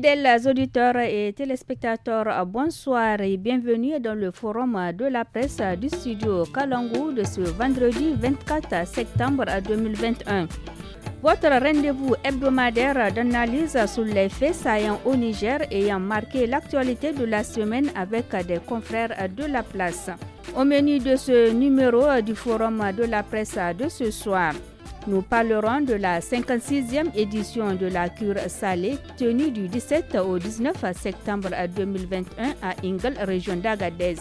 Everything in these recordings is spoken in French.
Fidèles auditeurs et téléspectateurs, bonsoir et bienvenue dans le forum de la presse du studio Kalangou de ce vendredi 24 septembre 2021. Votre rendez-vous hebdomadaire d'analyse sur les faits saillants au Niger ayant marqué l'actualité de la semaine avec des confrères de la place. Au menu de ce numéro du forum de la presse de ce soir, nous parlerons de la 56e édition de la cure salée tenue du 17 au 19 septembre 2021 à Ingle, région d'Agadez.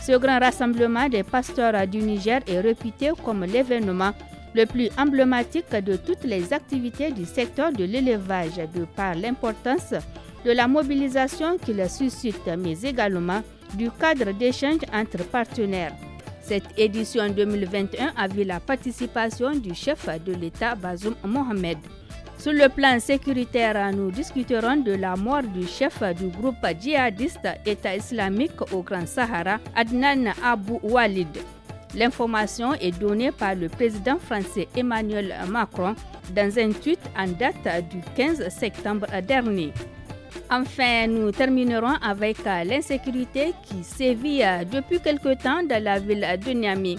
Ce grand rassemblement des pasteurs du Niger est réputé comme l'événement le plus emblématique de toutes les activités du secteur de l'élevage de par l'importance de la mobilisation qu'il suscite, mais également du cadre d'échange entre partenaires. Cette édition 2021 a vu la participation du chef de l'État Bazoum Mohamed. Sur le plan sécuritaire, nous discuterons de la mort du chef du groupe djihadiste État islamique au Grand Sahara, Adnan Abu Walid. L'information est donnée par le président français Emmanuel Macron dans un tweet en date du 15 septembre dernier. Enfin, nous terminerons avec euh, l'insécurité qui sévit euh, depuis quelque temps dans la ville de Niamey,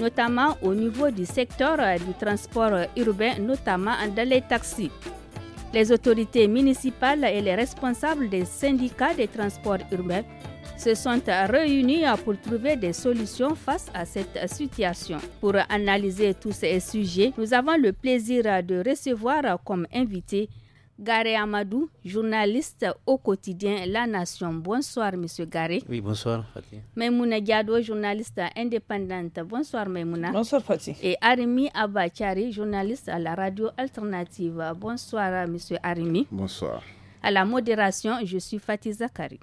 notamment au niveau du secteur euh, du transport urbain, notamment dans les taxis. Les autorités municipales et les responsables des syndicats des transports urbains se sont réunis pour trouver des solutions face à cette situation. Pour analyser tous ces sujets, nous avons le plaisir de recevoir comme invité Gare Amadou, journaliste au quotidien La Nation. Bonsoir, Monsieur Gare. Oui, bonsoir, Fatih. Maimouna Diado, journaliste indépendante. Bonsoir, Maimouna. Bonsoir, Fatih. Et Arimi Abachari, journaliste à la radio alternative. Bonsoir, Monsieur Arimi. Bonsoir. À la modération, je suis Fatih Zakari.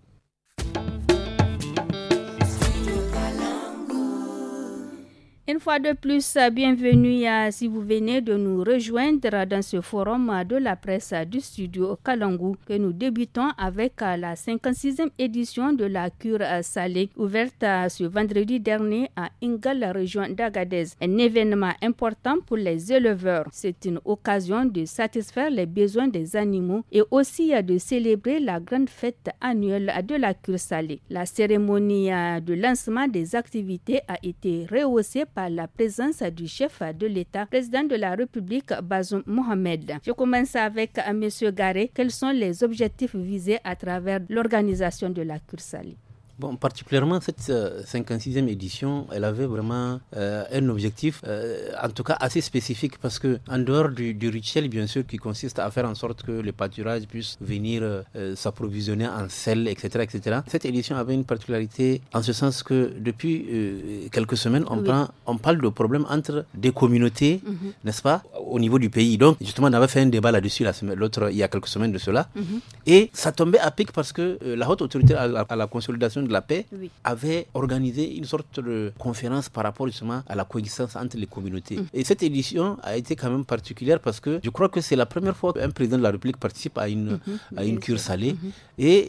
Une fois de plus, bienvenue à, si vous venez de nous rejoindre dans ce forum de la presse du studio Kalangu que nous débutons avec la 56e édition de la cure salée ouverte ce vendredi dernier à Ingal, la région d'Agadez. Un événement important pour les éleveurs. C'est une occasion de satisfaire les besoins des animaux et aussi de célébrer la grande fête annuelle de la cure salée. La cérémonie de lancement des activités a été rehaussée par la présence du chef de l'État, président de la République Bazoum Mohamed. Je commence avec euh, M. Garé. Quels sont les objectifs visés à travers l'organisation de la Cursali? particulièrement cette 56e euh, édition, elle avait vraiment euh, un objectif, euh, en tout cas assez spécifique, parce que en dehors du, rituel, bien sûr, qui consiste à faire en sorte que les pâturages puissent venir s'approvisionner en sel, etc., etc., cette édition avait une particularité en ce sens que depuis quelques semaines, on, on parle de problèmes entre des communautés, mhm. n'est-ce pas, au niveau du pays. Donc, justement, on avait fait un débat là-dessus l'autre, il y a quelques semaines de cela, mhm. et ça tombait à pic parce que la haute autorité à la, à la consolidation de la paix avait organisé une sorte de conférence par rapport justement à la coexistence entre les communautés. Mm. Et cette édition a été quand même particulière parce que je crois que c'est la première fois qu'un président de la République participe à une, mm-hmm. à une cure salée. Mm-hmm. Et,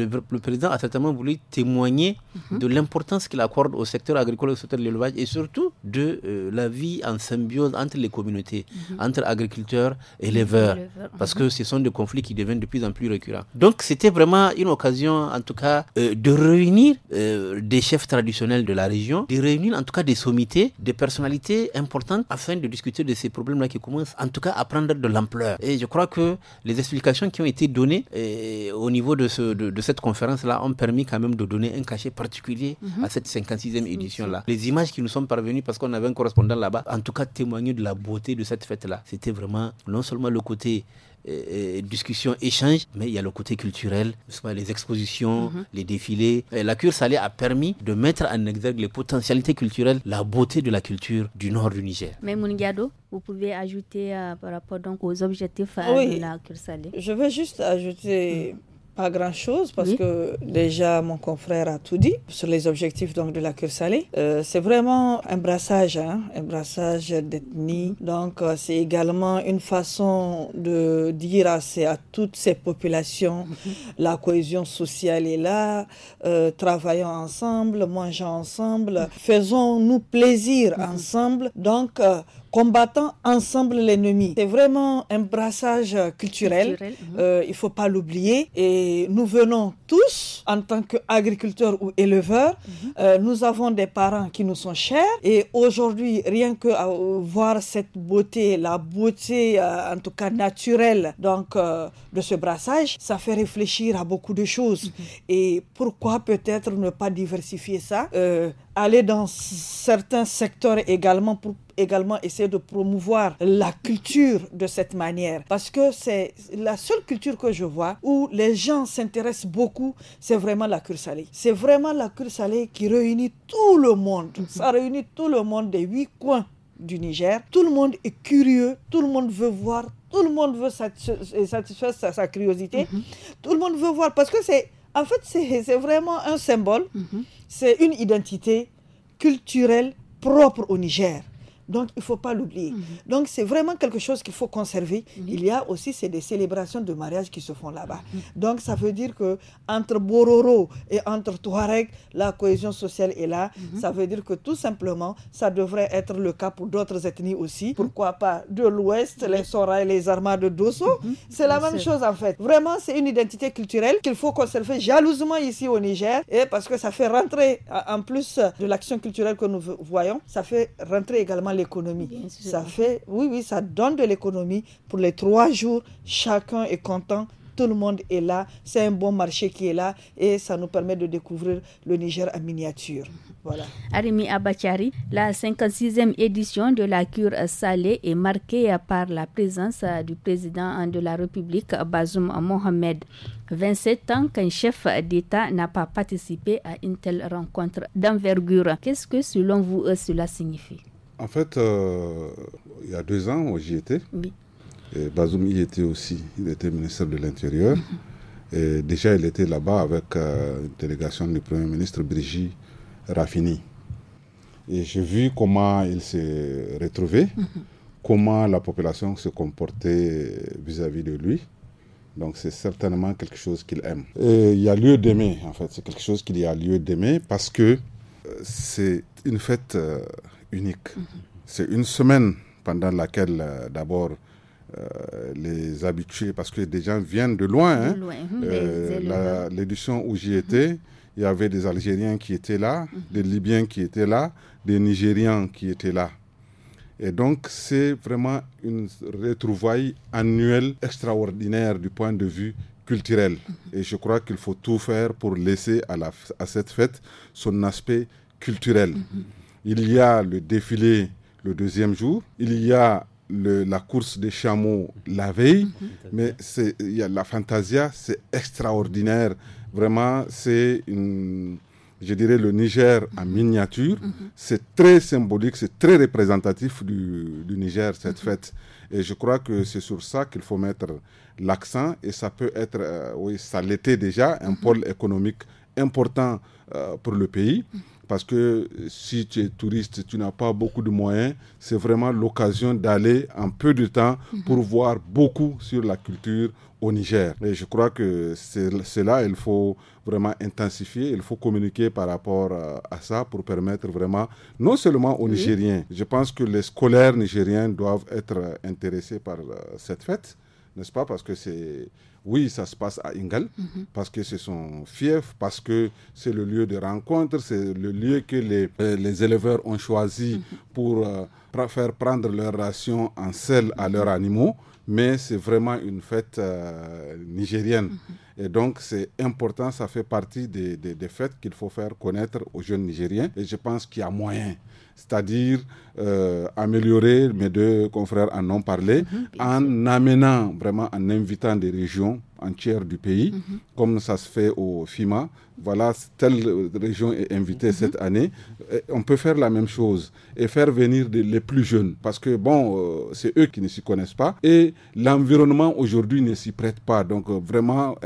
le, président a certainement voulu témoigner mm-hmm. de l'importance qu'il accorde au secteur agricole et au secteur de l'élevage et surtout de euh, la vie en symbiose entre les communautés, entre agriculteurs et éleveurs. Parce que ce sont des conflits qui deviennent de plus en plus récurrents. Donc c'était vraiment une occasion en tout cas euh, de réunir réunir euh, des chefs traditionnels de la région, de réunir en tout cas des sommités, des personnalités importantes afin de discuter de ces problèmes-là qui commencent en tout cas à prendre de l'ampleur. Et je crois que les explications qui ont été données euh, au niveau de, ce, de, cette conférence-là ont permis quand même de donner un cachet particulier mhm. à cette 56e édition-là. Les images qui nous sont parvenues parce qu'on avait un correspondant là-bas, en tout cas témoignent de la beauté de cette fête-là. C'était vraiment non seulement le côté discussion, échange, mais il y a le côté culturel, les expositions, mhm. les défilés. la cure salée a permis de mettre en exergue les potentialités culturelles, la beauté de la culture du nord du Niger. Mais Mungado, vous pouvez ajouter euh, par rapport donc aux objectifs euh, de la cure salée. Je veux juste ajouter mhm. Pas grand-chose parce que déjà mon confrère a tout dit sur les objectifs donc de la cure salée. Euh, c'est vraiment un brassage, hein, un brassage d'ethnie. Donc euh, c'est également une façon de dire à, ces, à toutes ces populations la cohésion sociale est là, euh, travaillons ensemble, mangeons ensemble, faisons-nous plaisir mm-hmm. ensemble. Donc combattant ensemble l'ennemi. C'est vraiment un brassage culturel, euh, il ne faut pas l'oublier. Et nous venons tous, en tant qu'agriculteurs ou éleveurs, mhm. euh, nous avons des parents qui nous sont chers. Et aujourd'hui, rien que à voir cette beauté, la beauté euh, en tout cas naturelle donc, euh, de ce brassage, ça fait réfléchir à beaucoup de choses. Mhm. Et pourquoi peut-être ne pas diversifier ça aller dans certains secteurs également pour également essayer de promouvoir la culture de cette manière parce que c'est la seule culture que je vois où les gens s'intéressent beaucoup c'est vraiment la cure salée. C'est vraiment la cure salée qui réunit tout le monde. Ça réunit tout le monde des huit coins du Niger. Tout le monde est curieux, tout le monde veut voir, tout le monde veut euh, satisfaire sa, curiosité, mhm. tout le monde veut voir parce que c'est, en fait, c'est vraiment un symbole, mhm. c'est une identité culturelle propre au Niger. Donc, il ne faut pas l'oublier. Mhm. Donc, c'est vraiment quelque chose qu'il faut conserver. Mhm. Il y a aussi, c'est des célébrations de mariage qui se font là-bas. Mhm. Donc, ça veut dire que entre Bororo et entre Touareg, la cohésion sociale est là. Ça veut dire que tout simplement, ça devrait être le cas pour d'autres ethnies aussi. Pourquoi pas de l'Ouest, les Sora et les Armas de Dosso. C'est la même chose, en fait. Vraiment, c'est une identité culturelle qu'il faut conserver jalousement ici au Niger. Et parce que ça fait rentrer, en plus de l'action culturelle que nous voyons, ça fait rentrer également économie. Ça fait, oui, oui, ça donne de l'économie pour les trois jours. Chacun est content. Tout le monde est là, c'est un bon marché qui est là et ça nous permet de découvrir le Niger en miniature. Voilà. Arimi Abachari, la 56e édition de la cure salée est marquée par la présence du président de la République, Bazoum Mohamed. 27 ans qu'un chef d'État n'a pas participé à une telle rencontre d'envergure. Qu'est-ce que selon vous cela signifie en fait, euh, il y a deux ans, où j'y étais. Bazoum y était aussi. Il était ministre de l'Intérieur. Mhm. Et déjà, il était là-bas avec euh, une délégation du Premier ministre Brigitte Raffini. Et j'ai vu comment il s'est retrouvé, mhm. comment la population se comportait vis-à-vis de lui. Donc c'est certainement quelque chose qu'il aime. Et il y a lieu d'aimer, en fait. C'est quelque chose qu'il y a lieu d'aimer parce que euh, c'est une fête unique. Mhm. C'est une semaine pendant laquelle, euh, d'abord, euh, les habitués, parce que des gens viennent de loin. Hein, euh, l'édition où j'y étais, mhm. il y avait des Algériens qui étaient là, mhm. des Libyens qui étaient là, des Nigériens qui étaient là. Et donc, c'est vraiment une retrouvaille annuelle extraordinaire du point de vue culturel. Et je crois qu'il faut tout faire pour laisser à, la, à cette fête son aspect culturel il y a le défilé le deuxième jour, il y a la course des chameaux la veille, mhm. mais c'est, il y a la Fantasia, c'est extraordinaire. Vraiment, c'est une, je dirais le Niger en mhm. miniature. Mhm. C'est très symbolique, c'est très représentatif du, Niger, cette fête. Et je crois que c'est sur ça qu'il faut mettre l'accent. Et ça peut être, euh, oui, ça l'était déjà, un pôle économique important euh, pour le pays parce que euh, si tu es touriste, tu n'as pas beaucoup de moyens. C'est vraiment l'occasion d'aller en peu de temps mhm. pour voir beaucoup sur la culture au Niger. Et je crois que c'est là il faut vraiment intensifier, il faut communiquer par rapport euh, à ça pour permettre vraiment, non seulement aux Nigériens, je pense que les scolaires nigériens doivent être euh, intéressés par cette fête, n'est-ce pas Parce que c'est oui, ça se passe à Ingal, mhm. parce que c'est son fief, parce que c'est le lieu de rencontre, c'est le lieu que les, euh, les éleveurs ont choisi mhm. pour euh, faire prendre leur ration en sel à leurs mhm. animaux, mais c'est vraiment une fête euh, nigérienne. Et donc, c'est important, ça fait partie des, des, des fêtes qu'il faut faire connaître aux jeunes Nigériens, et je pense qu'il y a moyen c'est-à-dire euh, améliorer, mes deux confrères en ont parlé, mhm, en amenant vraiment, en invitant des régions entières du pays, mhm. comme ça se fait au FIMA. Voilà, telle région est invitée mhm. cette année. on peut faire la même chose et faire venir les plus jeunes, parce que bon, euh, c'est eux qui ne s'y connaissent pas et l'environnement aujourd'hui ne s'y prête pas. Donc euh, vraiment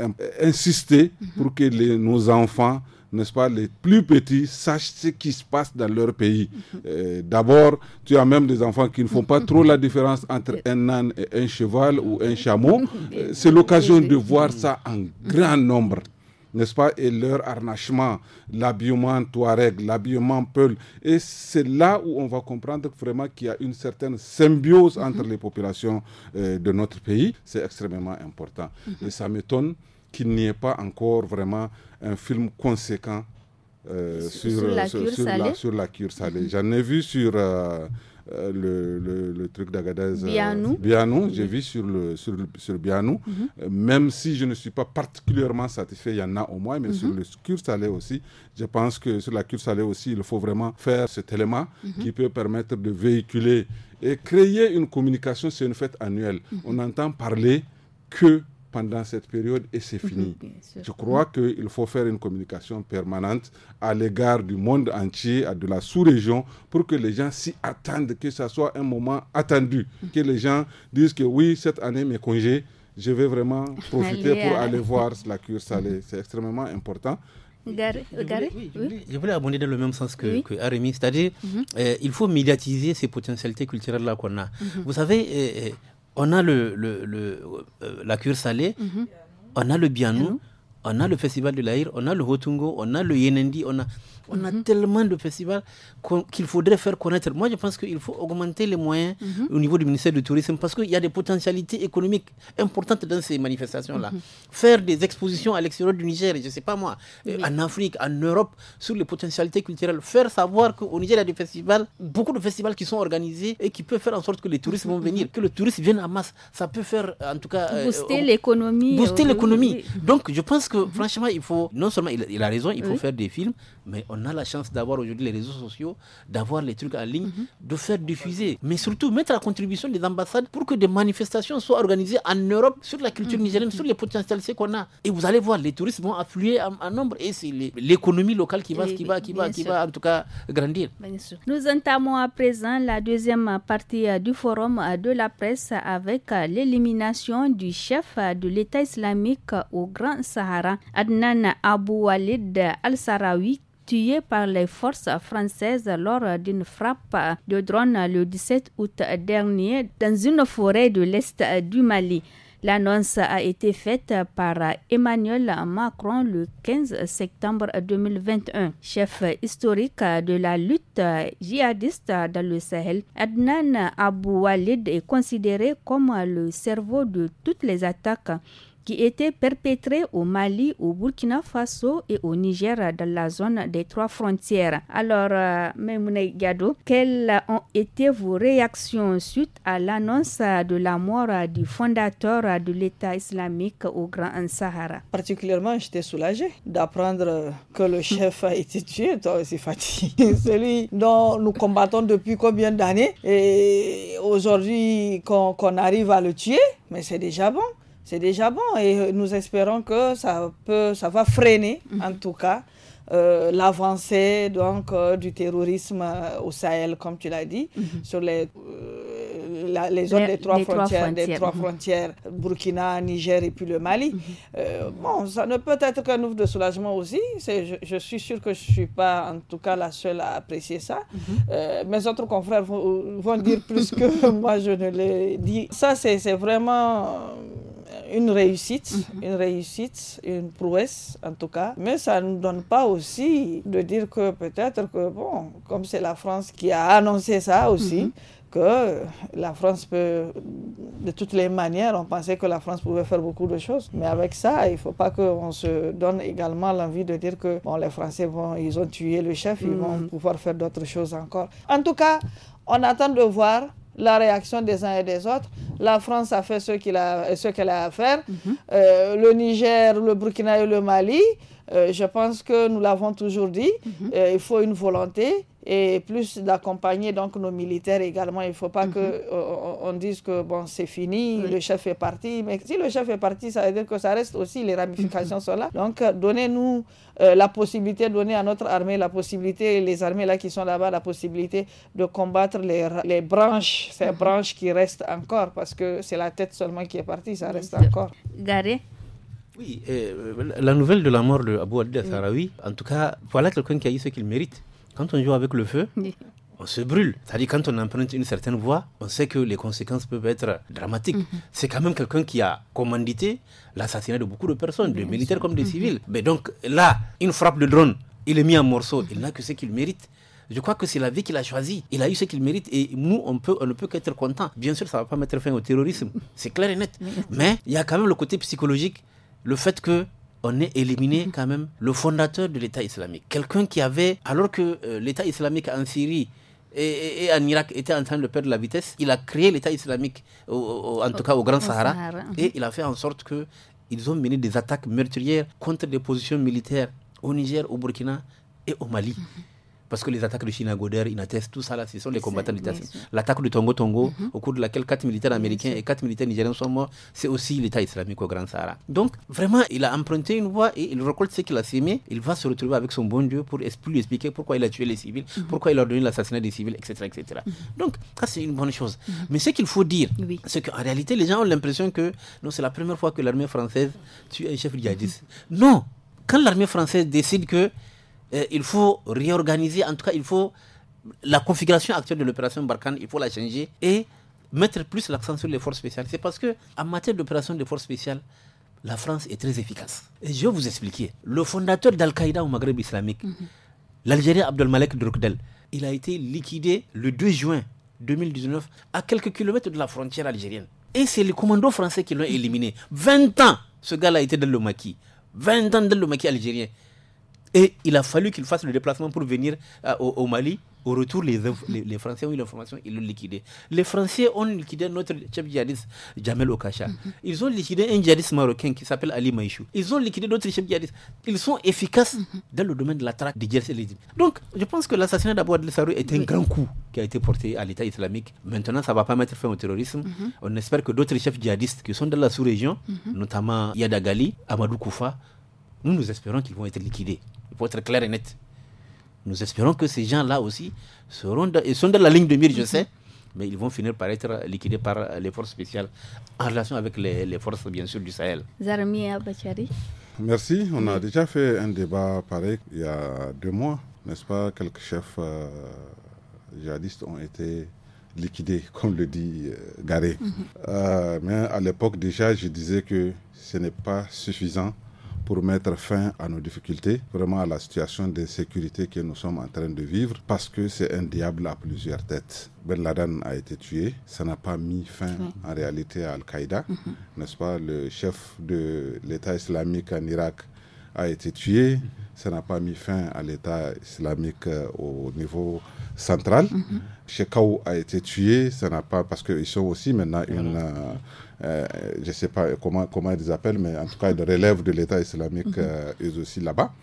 insister pour que nos enfants n'est-ce pas, les plus petits sachent ce qui se passe dans leur pays. Euh, d'abord, tu as même des enfants qui ne font pas trop la différence entre un âne et un cheval ou un chameau. Euh, c'est l'occasion de voir ça en grand nombre n'est-ce pas, et leur harnachement, l'habillement touareg, l'habillement peul. Et c'est là où on va comprendre vraiment qu'il y a une certaine symbiose entre mhm. les populations euh, de notre pays. C'est extrêmement important. Mhm. Et ça m'étonne qu'il n'y ait pas encore vraiment un film conséquent euh, sur, sur, la cure salée. Mhm. J'en ai vu sur euh, euh, le, le, truc d'Agadez. Bianou. Bien Bianou j'ai vu sur le, sur, le, Bianou. Mhm. même si je ne suis pas particulièrement satisfait, il y en a au moins, mais sur mhm. le cure salée aussi, je pense que sur la cure salée aussi, il faut vraiment faire cet élément qui peut permettre de véhiculer et créer une communication. C'est une fête annuelle. On entend parler que pendant cette période et c'est mhm. fini. Je crois mhm. qu'il faut faire une communication permanente à l'égard du monde entier, à de la sous-région, pour que les gens s'y attendent, que ce soit un moment attendu, mhm. que les gens disent que oui, cette année, mes congés, je vais vraiment profiter pour aller voir la cure salée. C'est extrêmement important. je, oui, abonder dans le même sens que, Arémi, c'est-à-dire euh, il faut médiatiser ces potentialités culturelles-là qu'on a. Vous savez, euh, euh on a le, euh, la cure salée, mhm. on a le bianou, on a le festival de l'Aïr, on a le Hotungo, on a le Yenendi, on a, on a mhm. tellement de festivals qu'il faudrait faire connaître. Moi, je pense qu'il faut augmenter les moyens mhm. au niveau du ministère du Tourisme parce qu'il y a des potentialités économiques importantes dans ces manifestations-là. Mhm. Faire des expositions à l'extérieur du Niger, je ne sais pas moi, euh, en Afrique, en Europe, sur les potentialités culturelles. Faire savoir qu'au Niger, il y a des festivals, beaucoup de festivals qui sont organisés et qui peuvent faire en sorte que les touristes vont venir, que le tourisme vienne en masse. Ça peut faire, en tout cas... Euh, booster l'économie. Booster euh, l'économie. Donc, je pense que Mhm. franchement, il faut, non seulement il a raison, il faut faire des films mais on a la chance d'avoir aujourd'hui les réseaux sociaux, d'avoir les trucs en ligne, mhm. de faire diffuser. Mais surtout, mettre la contribution des ambassades pour que des manifestations soient organisées en Europe sur la culture mhm. nigérienne, sur les potentialités qu'on a. Et vous allez voir, les touristes vont affluer en, nombre et c'est l'économie locale qui va, eh qui qui qui va, en tout cas grandir. Nous entamons à présent la deuxième partie euh, du forum euh, de la presse avec euh, l'élimination du chef de l'État islamique au Grand Sahara, Adnan Abou Walid Al-Sarawi, tué par les forces françaises lors d'une frappe de drone le 17 août dernier dans une forêt de l'est du Mali. L'annonce a été faite par Emmanuel Macron le 15 septembre 2021. Chef historique de la lutte djihadiste dans le Sahel, Adnan Abou Walid est considéré comme le cerveau de toutes les attaques qui étaient perpétrés au Mali, au Burkina Faso et au Niger dans la zone des trois frontières. Alors, euh, Gado, quelles ont été vos réactions suite à l'annonce de la mort du fondateur de l'État islamique au Grand Sahara Particulièrement, j'étais soulagée d'apprendre que le chef a été tué, toi aussi Fatih, celui dont nous combattons depuis combien d'années et aujourd'hui qu'on arrive à le tuer, mais c'est déjà bon c'est déjà bon et euh, nous espérons que ça peut, ça va freiner mhm. en tout cas euh, l'avancée donc euh, du terrorisme au Sahel, comme tu l'as dit, mhm. sur les les zones des, trois, frontières, des trois mhm. frontières, Burkina, Niger et puis le Mali. bon, ça ne peut être qu'un ouvre de soulagement aussi. Je, je, suis sûre que je ne suis pas, en tout cas, la seule à apprécier ça. mes autres confrères vont, dire plus que moi, je ne l'ai dit. Ça, c'est vraiment une réussite, mhm. une réussite, une prouesse en tout cas. Mais ça ne nous donne pas aussi de dire que peut-être que, bon, comme c'est la France qui a annoncé ça aussi, mhm. que la France peut, de toutes les manières, on pensait que la France pouvait faire beaucoup de choses. Mais avec ça, il ne faut pas qu'on se donne également l'envie de dire que bon, les Français vont, ils ont tué le chef, ils mhm. vont pouvoir faire d'autres choses encore. En tout cas, on attend de voir la réaction des uns et des autres. La France a fait ce qu'elle a, à faire. Mhm. Euh, le Niger, le Burkina et le Mali, euh, je pense que nous l'avons toujours dit, mhm. euh, il faut une volonté, et plus d'accompagner donc nos militaires également. Il ne faut pas mhm. qu'on euh, dise que bon, c'est fini, le chef est parti. Mais si le chef est parti, ça veut dire que ça reste aussi, les ramifications sont là. Donc, euh, donnez-nous euh, la possibilité, donnez à notre armée la possibilité, les armées là qui sont là-bas, la possibilité de combattre les, branches, ces mhm. branches qui restent encore, parce que c'est la tête seulement qui est partie, ça reste encore. Garé Oui, la nouvelle de la mort de Abou Adel Sarawi, en tout cas, voilà quelqu'un qui a eu ce qu'il mérite quand on joue avec le feu, on se brûle. C'est-à-dire quand on emprunte une certaine voie, on sait que les conséquences peuvent être dramatiques. Mhm. C'est quand même quelqu'un qui a commandité l'assassinat de beaucoup de personnes, de militaires comme des mhm. civils. Mais donc là, une frappe de drone, il est mis en morceaux, il n'a que ce qu'il mérite. Je crois que c'est la vie qu'il a choisie. Il a eu ce qu'il mérite et nous, on, peut, on ne peut qu'être content. Bien sûr, ça ne va pas mettre fin au terrorisme. C'est clair et net. Mais il y a quand même le côté psychologique, le fait que on a éliminé quand même le fondateur de l'État islamique. Quelqu'un qui avait, alors que euh, l'État islamique en Syrie et, en Irak était en train de perdre la vitesse, il a créé l'État islamique, en tout cas au Grand Sahara, et uh-huh. il a fait en sorte que ils ont mené des attaques meurtrières contre des positions militaires au Niger, au Burkina et au Mali. Uh-huh. Parce que les attaques de Chinagoder, Inates, tout ça, là, ce sont les combattants de L'attaque de Tongo Tongo, mhm. au cours de laquelle quatre militaires américains et quatre militaires nigériens sont morts, c'est aussi l'État islamique au Grand Sahara. Donc, vraiment, il a emprunté une voie et il récolte ce qu'il a sémé. Il va se retrouver avec son bon Dieu pour lui expliquer pourquoi il a tué les civils, mhm. pourquoi il a ordonné l'assassinat des civils, etc. etc. Mhm. Donc, ça, c'est une bonne chose. Mais ce qu'il faut dire, c'est qu'en réalité, les gens ont l'impression que non, c'est la première fois que l'armée française tue un chef djihadiste. Non! Quand l'armée française décide que il faut réorganiser, en tout cas, il faut la configuration actuelle de l'opération Barkhane, il faut la changer et mettre plus l'accent sur les forces spéciales. C'est parce que en matière d'opération des forces spéciales, la France est très efficace. Et je vais vous expliquer. Le fondateur d'Al-Qaïda au Maghreb islamique, l'Algérie, mhm. l'Algérien Abdelmalek Drukdel, il a été liquidé le 2 juin 2019 à quelques kilomètres de la frontière algérienne. Et c'est les commandos français qui l'ont éliminé. 20 ans, ce gars-là a été dans le maquis. 20 ans dans le maquis algérien. Et il a fallu qu'il fasse le déplacement pour venir euh, au, Mali. Au retour, les, Français ont eu l'information, ils l'ont liquidé. Les Français ont liquidé notre chef djihadiste, Jamel Okacha. Mhm. Ils ont liquidé un djihadiste marocain qui s'appelle Ali Maïchou. Ils ont liquidé d'autres chefs djihadistes. Ils sont efficaces mhm. dans le domaine de la traque des djihadistes Donc, je pense que l'assassinat d'Abou Adel Sarou est un grand coup qui a été porté à l'État islamique. Maintenant, ça ne va pas mettre fin au terrorisme. Mhm. On espère que d'autres chefs djihadistes qui sont dans la sous-région, notamment Yadagali, Amadou Koufa, nous, nous espérons qu'ils vont être liquidés. Il faut être clair et net. Nous espérons que ces gens-là aussi seront ils sont dans la ligne de mire, je sais, mais ils vont finir par être liquidés par les forces spéciales en relation avec les, forces, bien sûr, du Sahel. Zarmia Bachari. Merci. On a déjà fait un débat pareil il y a deux mois, n'est-ce pas Quelques chefs djihadistes euh, ont été liquidés, comme le dit euh, Garé. Mhm. Euh, mais à l'époque, déjà, je disais que ce n'est pas suffisant pour mettre fin à nos difficultés, vraiment à la situation d'insécurité que nous sommes en train de vivre, parce que c'est un diable à plusieurs têtes. Ben Laden a été tué, ça n'a pas mis fin en réalité à Al-Qaïda, mhm. n'est-ce pas Le chef de l'État islamique en Irak a été tué, ça n'a pas mis fin à l'État islamique euh, au niveau central. Mm a été tué, ça n'a pas parce qu'ils sont aussi maintenant une euh, euh, je ne sais pas comment, comment ils appellent, mais en tout cas, ils relèvent de l'État islamique, mhm. euh, est eux aussi là-bas.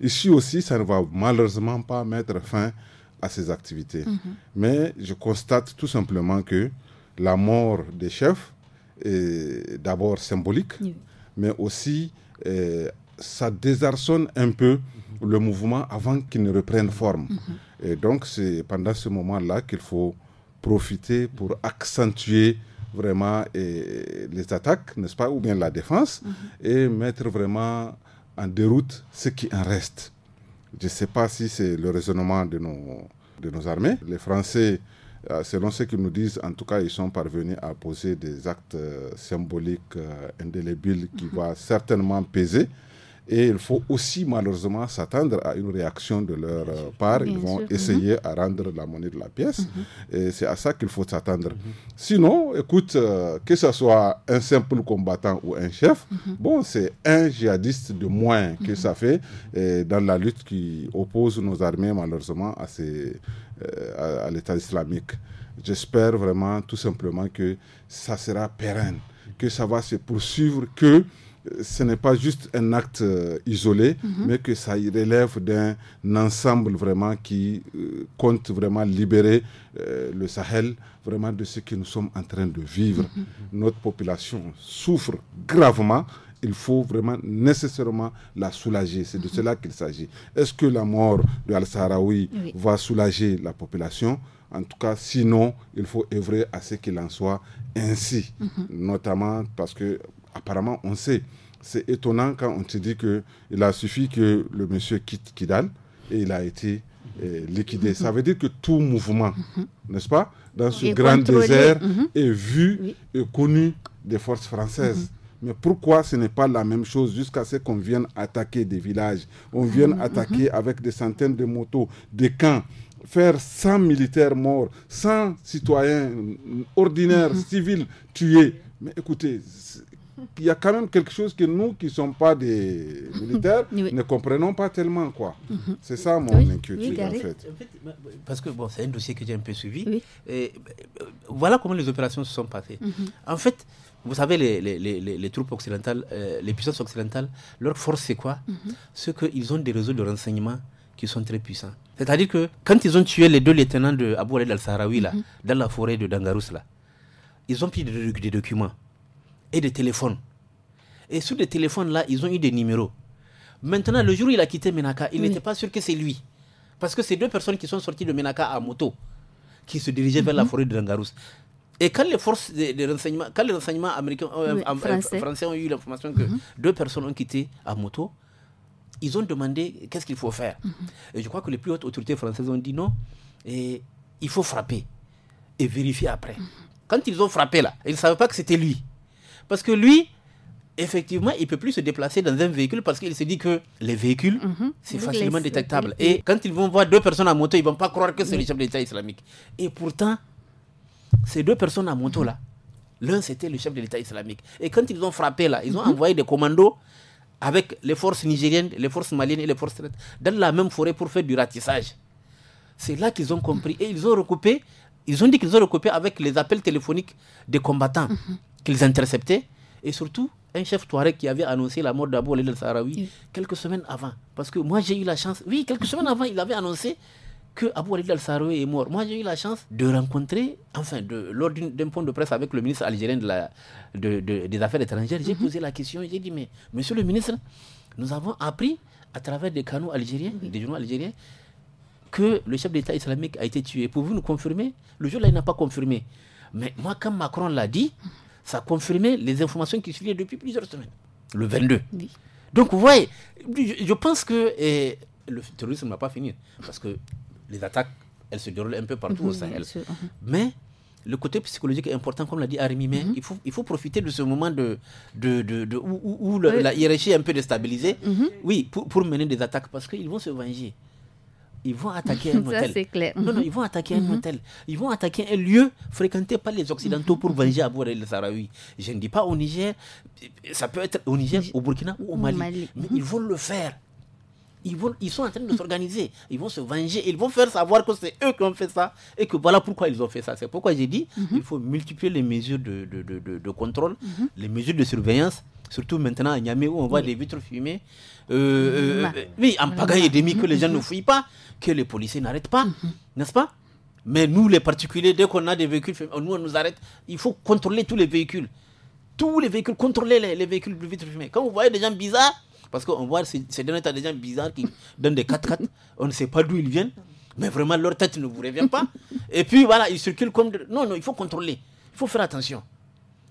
Ici aussi, ça ne va malheureusement pas mettre fin à ces activités. Mhm. Mais je constate tout simplement que la mort des chefs est d'abord symbolique, mais aussi euh, ça désarçonne un peu le mouvement avant qu'il ne reprenne forme. Mhm. Et donc c'est pendant ce moment-là qu'il faut profiter pour accentuer vraiment et, les attaques, n'est-ce pas, ou bien la défense, mhm. et mettre vraiment en déroute ce qui en reste. Je ne sais pas si c'est le raisonnement de nos, de nos armées. Les Français, euh, selon ce qu'ils nous disent, en tout cas, ils sont parvenus à poser des actes euh, symboliques euh, indélébiles qui mhm. vont certainement peser et il faut aussi malheureusement s'attendre à une réaction de leur euh, part. Ils vont essayer mhm. à rendre la monnaie de la pièce. Mhm. Et c'est à ça qu'il faut s'attendre. Mhm. Sinon, écoute, euh, que ce soit un simple combattant ou un chef, bon, c'est un djihadiste de moins que ça fait dans la lutte qui oppose nos armées malheureusement à, ces, euh, à l'État islamique. J'espère vraiment tout simplement que ça sera pérenne, que ça va se poursuivre, que ce n'est pas juste un acte euh, isolé, mhm. mais que ça relève d'un ensemble vraiment qui euh, compte vraiment libérer euh, le Sahel vraiment de ce que nous sommes en train de vivre. Mhm. Notre population souffre gravement. Il faut vraiment nécessairement la soulager. C'est de mhm. cela qu'il s'agit. Est-ce que la mort de Al-Sahraoui va soulager la population en tout cas, sinon, il faut œuvrer à ce qu'il en soit ainsi, notamment parce que apparemment, on sait. C'est étonnant quand on te dit qu'il a suffi que le monsieur quitte Kidal et il a été euh, liquidé. Ça veut dire que tout mouvement, n'est-ce pas, dans ce grand désert mhm. est vu et connu des forces françaises. Mhm. Mais pourquoi ce n'est pas la même chose jusqu'à ce qu'on vienne attaquer des villages, on vienne mhm. attaquer avec des centaines de motos, des camps, faire 100 militaires morts, 100 citoyens ordinaires, civils tués. Mais écoutez, il y a quand même quelque chose que nous, qui ne sommes pas des militaires, ne comprenons pas tellement. quoi. Mhm. C'est ça mon inquiétude, en, fait. Parce que bon, c'est un dossier que j'ai un peu suivi. Et, euh, voilà comment les opérations se sont passées. Mhm. En fait, vous savez, les, les, les, troupes occidentales, euh, les puissances occidentales, leur force, c'est quoi ce mhm. C'est qu'ils ont des réseaux de renseignement qui sont très puissants. C'est-à-dire que quand ils ont tué les deux lieutenants de Abou al-Sahraoui, dans la forêt de Dangarous, là, ils ont pris des documents et des téléphones. Et sur les téléphones-là, ils ont eu des numéros. Maintenant, le jour où il a quitté Menaka, il n'était pas sûr que c'est lui. Parce que c'est deux personnes qui sont sorties de Menaka à moto, qui se dirigeaient vers la mhm. forêt de Rangarous. Et quand les forces de, renseignement, quand les renseignements américains, euh, euh, français. ont eu l'information que mhm. deux personnes ont quitté à moto, ils ont demandé qu'est-ce qu'il faut faire. Mhm. Et je crois que les plus hautes autorités françaises ont dit non, et il faut frapper et vérifier après. Quand ils ont frappé là, ils ne savaient pas que c'était lui. Parce que lui, effectivement, il peut plus se déplacer dans un véhicule parce qu'il se dit que les véhicules, mhm. c'est facilement détectable. Et quand ils vont voir deux personnes à moto, ils vont pas croire que c'est le chef de l'État islamique. Et pourtant, ces deux personnes à moto là, l'un c'était le chef de l'État islamique. Et quand ils ont frappé là, ils ont mhm. envoyé des commandos avec les forces nigériennes, les forces maliennes et les forces dans la même forêt pour faire du ratissage. C'est là qu'ils ont compris et ils ont recoupé. Ils ont dit qu'ils ont recoupé avec les appels téléphoniques des combattants. Mhm qu'ils interceptaient, et surtout un chef Touareg qui avait annoncé la mort d'Abou Ali al-Sahraoui quelques semaines avant. Parce que moi, j'ai eu la chance, oui, quelques semaines avant, il avait annoncé que Abou al-Sahraoui est mort. Moi, j'ai eu la chance de rencontrer, enfin, lors d'un point de presse avec le ministre algérien de la, des Affaires étrangères, j'ai mhm. posé la question, j'ai dit, mais monsieur le ministre, nous avons appris à travers des canaux algériens, des journaux algériens, que le chef d'État islamique a été tué. Pouvez-vous nous confirmer Le jour-là, il n'a pas confirmé. Mais moi, quand Macron l'a dit, ça confirmait les informations qui suivaient depuis plusieurs semaines, le 22. Donc, vous voyez, je pense que le terrorisme n'a pas fini, parce que les attaques, elles se déroulent un peu partout au mhm. Sahel. Mhm. Mais le côté psychologique est important, comme l'a dit Arimi, mais mhm. il, faut, il faut profiter de ce moment de, de, de, où, la hiérarchie est un peu déstabilisée, oui, pour, pour, mener des attaques, parce qu'ils vont se venger ils vont attaquer un hôtel. Non, non, ils vont attaquer un mhm. hôtel. Ils vont attaquer un lieu fréquenté par les Occidentaux pour mhm. venger à et les Je ne dis pas au Niger, ça peut être au Niger, au Burkina ou au Mali. Mais mhm. ils vont le faire. Ils, vont, ils sont en train de s'organiser. Ils vont se venger. Ils vont faire savoir que c'est eux qui ont fait ça et que voilà pourquoi ils ont fait ça. C'est pourquoi j'ai dit il faut multiplier les mesures de, contrôle, les mesures de surveillance surtout maintenant à Niamey où on voit des vitres fumées. Euh, euh, euh, bah. oui, en pagaille demi que les gens ne mm-hmm. fouillent pas, que les policiers n'arrêtent pas, mm-hmm. n'est-ce pas Mais nous, les particuliers, dès qu'on a des véhicules fumés, nous, on nous arrête. Il faut contrôler tous les véhicules. Tous les véhicules, contrôler les, véhicules de vitres fumées. Quand vous voyez des gens bizarres, parce qu'on voit ces, derniers temps des gens bizarres qui donnent des 4 4 on ne sait pas d'où ils viennent, mais vraiment leur tête ne vous revient pas. Et puis voilà, ils circulent comme. Non, non, il faut contrôler, il faut faire attention.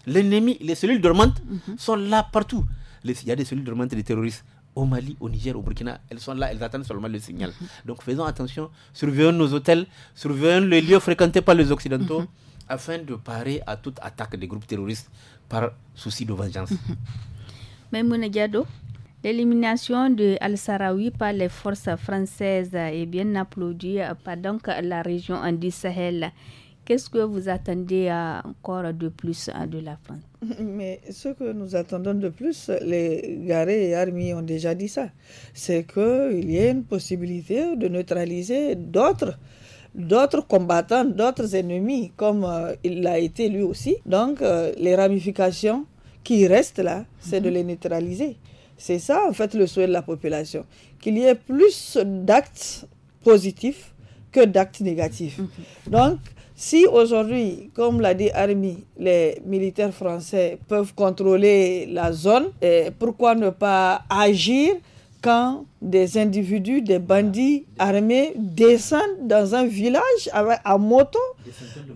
L'ennemi, les cellules dormantes mhm. sont là partout. il y a des cellules dormantes des terroristes au Mali, au Niger, au Burkina. Elles sont là, elles attendent seulement le signal. Mhm. Donc faisons attention, surveillons nos hôtels, surveillons les lieux fréquentés par les Occidentaux mhm. afin de parer à toute attaque des groupes terroristes par souci de vengeance. Mais L'élimination de Al-Sarawi par les forces françaises est bien applaudie par donc la région du Sahel. Qu'est-ce que vous attendez encore de plus hein, de la France Mais ce que nous attendons de plus, les Garés et armées ont déjà dit ça, c'est qu'il y ait une possibilité de neutraliser d'autres d'autres combattants, d'autres ennemis, comme euh, il l'a été lui aussi. Donc, euh, les ramifications qui restent là, c'est de mhm. les neutraliser. C'est ça, en fait, le souhait de la population. Qu'il y ait plus d'actes positifs que d'actes négatifs. Mhm. Donc, si aujourd'hui, comme l'a dit Armi, les militaires français peuvent contrôler la zone, et pourquoi ne pas agir quand des individus, des bandits armés descendent dans un village avec, à moto,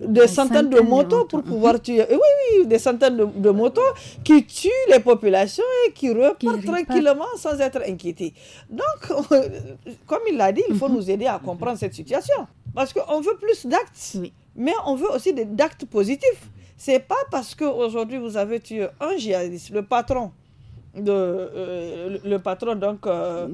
des centaines de, motos pour pouvoir tuer. Oui, oui, des centaines de, motos qui tuent les populations et qui repartent tranquillement sans être inquiétés. Donc, comme il l'a dit, il faut mhm. nous aider à comprendre cette situation. Parce qu'on veut plus d'actes mais on veut aussi des actes positifs. n'est pas parce qu'aujourd'hui vous avez tué un djihadiste, le patron, de, euh, le patron donc. Euh,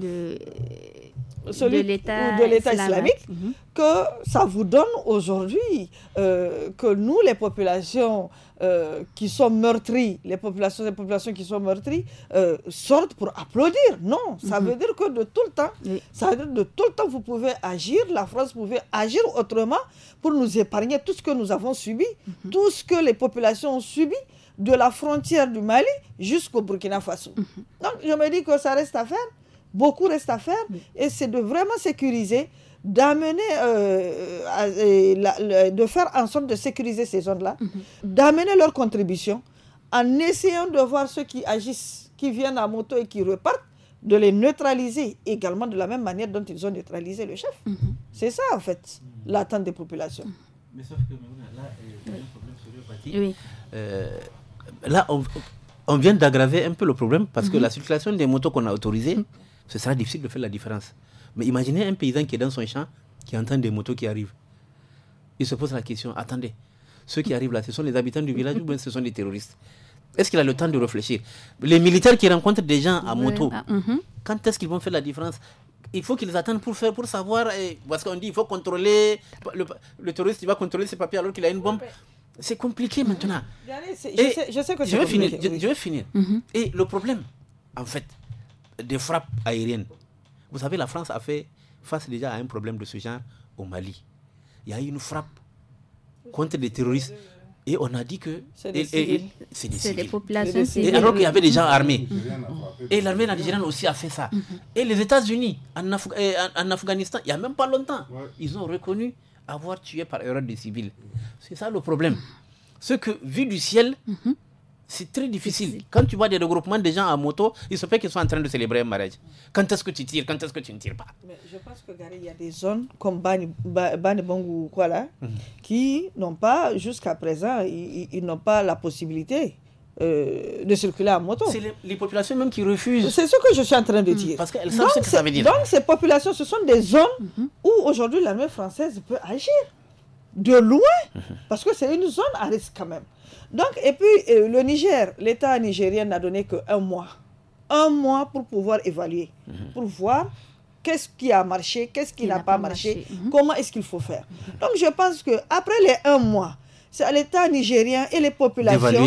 celui de l'État islamique, mhm. que ça vous donne aujourd'hui euh, que nous, les populations euh, qui sont meurtries, les populations, les populations qui sont meurtries, euh, sortent pour applaudir. Non, ça mhm. veut dire que de tout le temps, ça veut dire de tout le temps, vous pouvez agir, la France pouvait agir autrement pour nous épargner tout ce que nous avons subi, mhm. tout ce que les populations ont subi de la frontière du Mali jusqu'au Burkina Faso. Donc je me dis que ça reste à faire. Beaucoup reste à faire et c'est de vraiment sécuriser, d'amener, euh, euh, de faire en sorte de sécuriser ces zones-là, mhm. d'amener leur contribution en essayant de voir ceux qui agissent, qui viennent à moto et qui repartent, de les neutraliser également de la même manière dont ils ont neutralisé le chef. Mhm. C'est ça, en fait, l'attente des populations. Mhm. Mais sauf que là, a un problème sur oui. euh, là on, vient d'aggraver un peu le problème parce que la circulation des motos qu'on a autorisées ce sera difficile de faire la différence. Mais imaginez un paysan qui est dans son champ, qui entend des motos qui arrivent. Il se pose la question, attendez, ceux qui arrivent là, ce sont les habitants du village ou bien ce sont des terroristes Est-ce qu'il a le temps de réfléchir Les militaires qui rencontrent des gens à moto, ah, mm-hmm. quand est-ce qu'ils vont faire la différence il faut qu'ils attendent pour faire, pour savoir, eh, parce qu'on dit il faut contrôler, le, terroriste il va contrôler ses papiers alors qu'il a une bombe. C'est compliqué maintenant. Je, sais, je, sais que je, vais, finir, je, finir. Mm-hmm. Et le problème, en fait, des frappes aériennes. Vous savez, la France a fait face déjà à un problème de ce genre au Mali. Il y a eu une frappe contre des terroristes et on a dit que c'est des, civils. populations alors qu'il y avait des gens armés. Mhm. Et l'armée a aussi a fait ça. Mhm. Et les États-Unis, en, eh, Afghanistan, il n'y a même pas longtemps, ils ont reconnu avoir tué par erreur des civils. C'est ça le problème. Ce que, vu du ciel, mhm. C'est très difficile. Quand tu vois des regroupements de gens à moto, il se fait qu'ils sont en train de célébrer un mariage. Quand est-ce que tu tires Quand est-ce que tu ne tires pas Je pense que, Gary, il y a des zones comme Bani, ou quoi là, mhm. qui n'ont pas, jusqu'à présent, ils, n'ont pas la possibilité. Euh, de circuler à moto. C'est les, populations même qui refusent. C'est ce que je suis en train de mhm. dire. parce qu'elles savent donc, ce que ça veut dire. Donc ces populations, ce sont des zones mhm. où aujourd'hui l'armée française peut agir de loin, parce que c'est une zone à risque quand même. Donc, et puis, euh, le Niger, l'État nigérien n'a donné qu'un mois. Un mois pour pouvoir évaluer, mhm. pour voir qu'est-ce qui a marché, qu'est-ce qui n'a pas, marché, mhm. comment est-ce qu'il faut faire. Mhm. Donc, je pense qu'après les un mois, c'est à l'État nigérien et les populations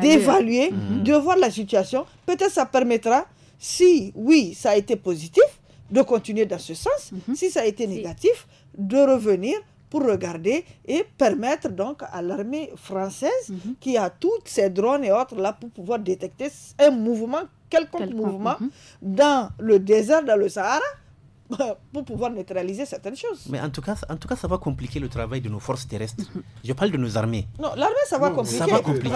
d'évaluer, de voir la situation. Peut-être ça permettra, si oui, ça a été positif, de continuer dans ce sens. Si ça a été négatif, de revenir pour regarder et permettre donc à l'armée française mhm. qui a toutes ces drones et autres là pour pouvoir détecter un mouvement, quelconque, mouvement mhm. dans le désert, dans le Sahara pour pouvoir neutraliser certaines choses. Mais en tout cas, en tout cas, ça va compliquer le travail de nos forces terrestres. Mhm. Je parle de nos armées. Non, l'armée, ça va compliquer. Ça va compliquer,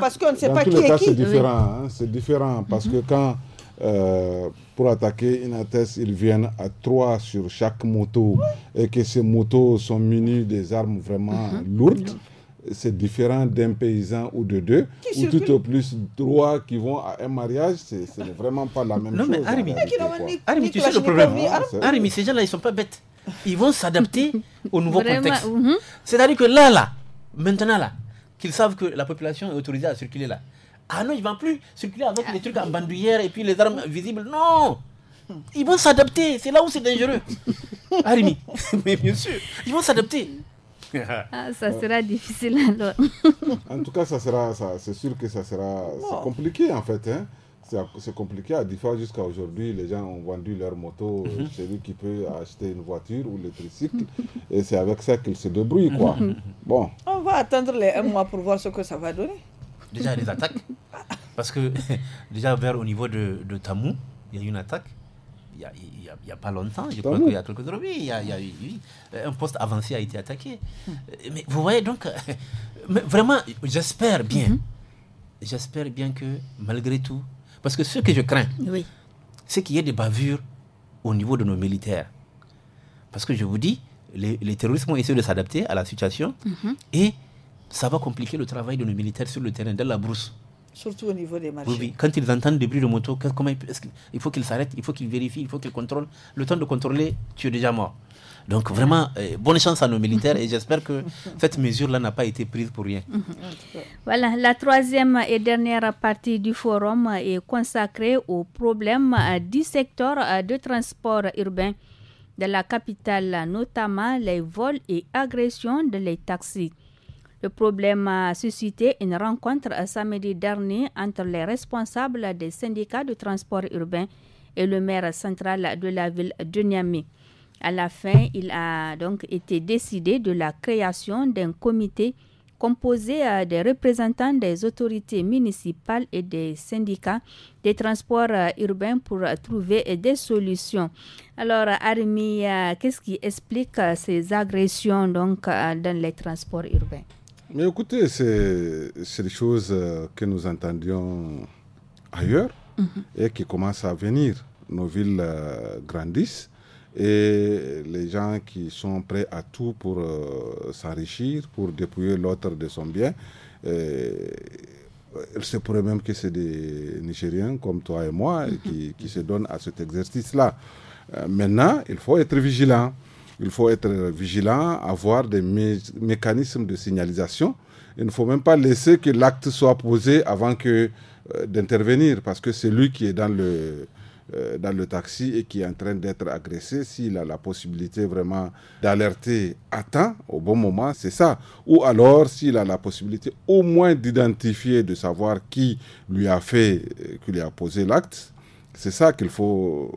parce qu'on ne sait pas qui est qui. C'est différent. Hein. c'est différent parce que quand euh, pour attaquer une atteste, ils viennent à trois sur chaque moto et que ces motos sont munies des armes vraiment uh-huh. lourdes. C'est différent d'un paysan ou de deux, ou tout au plus trois qui vont à un mariage, ce n'est vraiment pas la même chose. Non, mais Arimi, tu sais le problème. Ah, ces gens-là, ils ne sont pas bêtes. Ils vont s'adapter au nouveau contexte. Mm-hmm. C'est-à-dire que là, là, maintenant, là, qu'ils savent que la population est autorisée à circuler là ah non, ils ne vont plus circuler avec ah. les trucs en bandoulière et puis les armes visibles. Non Ils vont s'adapter. C'est là où c'est dangereux. Arimi. Mais bien sûr, ils vont s'adapter. Ah, ça sera difficile alors. en tout cas, ça sera, ça, c'est sûr que ça sera compliqué en fait. Hein. C'est compliqué à fois jusqu'à aujourd'hui. Les gens ont vendu leur moto. Mhm. chez lui qui peut acheter une voiture ou le tricycle. et c'est avec ça qu'ils se débrouillent. Quoi. Mhm. Bon. On va attendre les un mois pour voir ce que ça va donner. Déjà, il y a des attaques. Parce que, déjà, vers au niveau de, Tamou, il y a eu une attaque. Il n'y a, pas longtemps, je crois qu'il y a quelque jours. Oui, il y a, eu, un poste avancé a été attaqué. Euh, mais vous voyez, donc, mais vraiment, j'espère bien. Mhm. J'espère bien que, malgré tout, parce que ce que je crains, c'est qu'il y ait des bavures au niveau de nos militaires. Parce que je vous dis, les, terroristes ont essayé de s'adapter à la situation mhm. et ça va compliquer le travail de nos militaires sur le terrain, dans la brousse. Surtout au niveau des marchés. Quand ils entendent des bruits de moto, comment il faut qu'ils s'arrêtent, il faut qu'ils vérifient, il faut qu'ils contrôlent. Le temps de contrôler, tu es déjà mort. Donc vraiment, euh, bonne chance à nos militaires et j'espère que cette mesure-là n'a pas été prise pour rien. Mhm, voilà, la troisième et dernière partie du forum est consacrée aux problèmes euh, du secteur euh, de transport urbain de la capitale, notamment les vols et agressions de les taxis. Le problème a suscité une rencontre samedi dernier entre les responsables des syndicats de transport urbain et le maire central de la ville de Niamey. À la fin, il a donc été décidé de la création d'un comité composé euh, des représentants des autorités municipales et des syndicats des transports euh, urbains pour euh, trouver des solutions. Alors, Armi, qu'est-ce qui explique ces agressions donc, dans les transports urbains mais écoutez, c'est des choses euh, que nous entendions ailleurs mhm. et qui commencent à venir. Nos villes euh, grandissent et les gens qui sont prêts à tout pour euh, s'enrichir, pour dépouiller l'autre de son bien. il se pourrait même que c'est des Nigériens comme toi et moi mhm. qui, qui se donnent à cet exercice-là. maintenant, il faut être vigilant. Il faut être vigilant, avoir des mécanismes de signalisation. Il ne faut même pas laisser que l'acte soit posé avant que euh, d'intervenir, parce que c'est lui qui est dans le euh, dans le taxi et qui est en train d'être agressé, s'il a la possibilité vraiment d'alerter à temps, au bon moment, c'est ça. Ou alors, s'il a la possibilité au moins d'identifier, de savoir qui lui a fait, euh, qui lui a posé l'acte, c'est ça qu'il faut.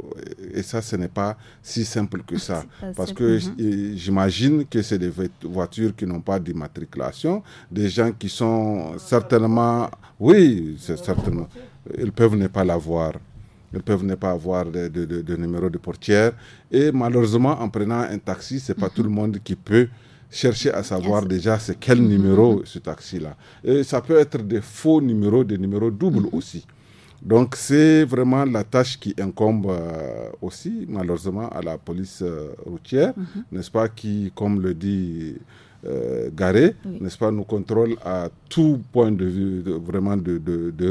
Et ça, ce n'est pas si simple que ça. Parce que mhm. euh, j'imagine que c'est des voitures qui n'ont pas d'immatriculation, des gens qui sont certainement. Oui, c'est certainement. Ils peuvent ne pas l'avoir. Ils peuvent ne pas avoir de, numéro de portière. Et malheureusement, en prenant un taxi, ce n'est pas mhm. tout le monde qui peut chercher à savoir déjà c'est quel numéro mhm. ce taxi-là. Et ça peut être des faux numéros, des numéros doubles aussi. Donc c'est vraiment la tâche qui incombe euh, aussi malheureusement à la police euh, routière, mhm. n'est-ce pas, qui, comme le dit euh, Garé, n'est-ce pas, nous contrôle à tout point de vue vraiment de,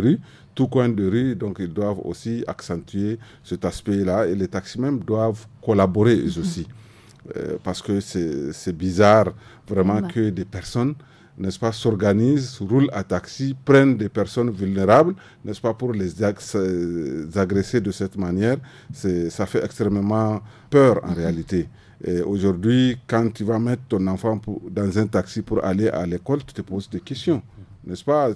rue, tout coin de rue. Donc ils doivent aussi accentuer cet aspect-là et les taxis même doivent collaborer eux mhm. aussi. parce que c'est bizarre vraiment que des personnes n'est-ce pas, s'organisent, roulent à taxi, prennent des personnes vulnérables, n'est-ce pas, pour les agresser de cette manière. Ça fait extrêmement peur en réalité. Et aujourd'hui, quand tu vas mettre ton enfant dans un taxi pour aller à l'école, tu te poses des questions, n'est-ce pas